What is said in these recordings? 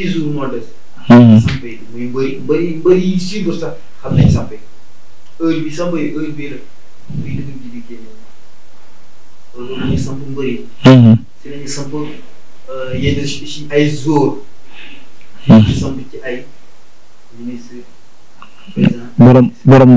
six jours moo des. Hmm. samp yi muy mbëri xam nañ samp yi heure bi ay zor. Hmm. Euh, ci ay hmm. ministre président borom borom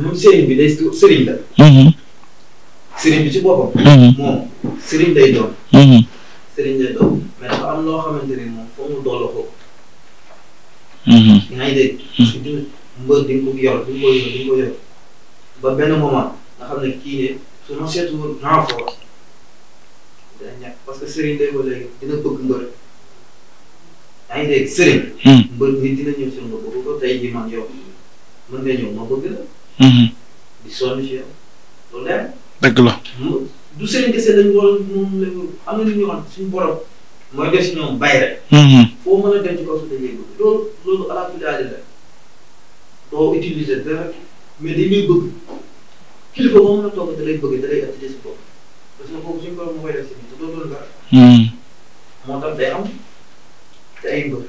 moom sëriñ bi day sëriñ la. sëriñ bi ci boppam. Mm-hmm. moom sëriñ day doon. sëriñ mm-hmm. day doon mais dafa am loo xamante ni moom foo mu doole ko. Mm-hmm. yaa ngi dégg. parce que mbër di nga ko yor di nga ko yor di nga ko yor ba benn moment nga xam ne kii ne su ma seetu renfort dina ñàkk parce que sëriñ day ko léegi dina bëgg mbër. yaa ngi dégg sëriñ. Mm. mbër mi dina ñëw si mbër ba tey jii man yow. mën ngay ñëw ma bëgg la. Mhm. di sonn ci yow loolu leer. dëgg la. du seen kese lañ war moom la am na lu ñuy wax suñu borom. mooy def si ñoom bay rek. Mhm. foo mën a dem ci kaw su dañuy bëgg loolu loolu alhamdulilah la doo utiliser dara mais dañuy bëgg kilifa moom la toog da lay bëgg da lay attiré si bopp parce que kooku suñu borom moo koy def si biir te doo doon dara. Mhm. moo tax day am te ay mbër.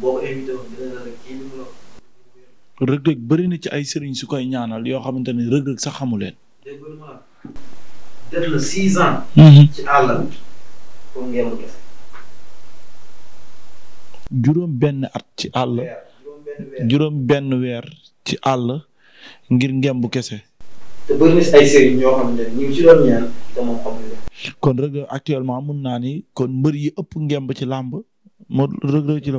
boo ko rëg-rëg bëri na ci ay sëriñ su koy ñaanal yoo xamante ne rëg-rëg sax xamu leen. Mhm. juróom benn at ci àll. juróom benn weer ci àll ngir ngemb kese. te bëri na kon rëg-rëg mun naa ni kon mbër yi ëpp ngemb ci làmb moo rëg-rëg ci la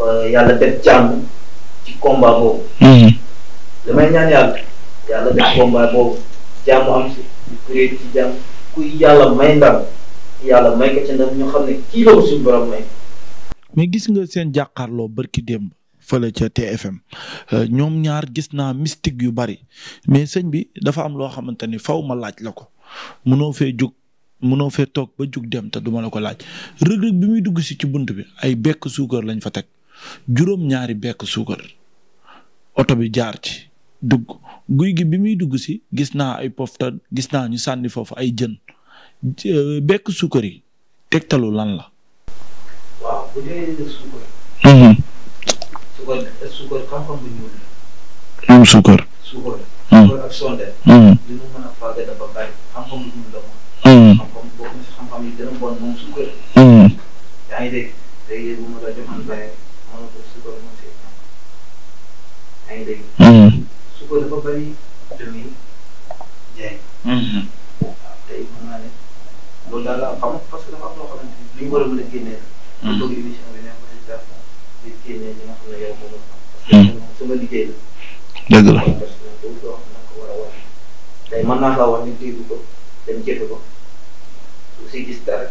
yàlla mais gis nga seen jàkkaarloo barki démb fële ca TFM euh, ñoom ñaar gis naa mystique yu bari mais sëñ bi dafa am loo xamante ni faw laaj la ko mënoo fee jug mënoo fee toog ba jóg dem te duma la ko laaj Reug bi muy dugg si ci bunt bi ay bekk suukar lañ fa teg. juróom-ñaari bekk suukar oto bi jaar ci dugg guy gi bi muy dugg si gis naa ay poftan gis naa ñu sànni foofu ay jën euh, bekk suukar yi tegtalu lan la. waaw bu dee suukar. Mhm. suukar suukar xam-xam bu ñuul la. moom suukar. suukar. Mhm. suukar ak sonde. Mhm. moom. xam moom suukar. yaa su ko dafa bëri lu muy que dafa sama liggéey la. dëgg la tey gis dara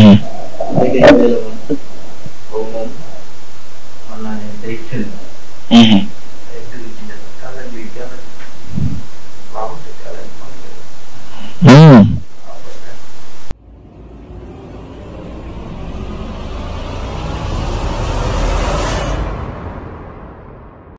fekkee ñu la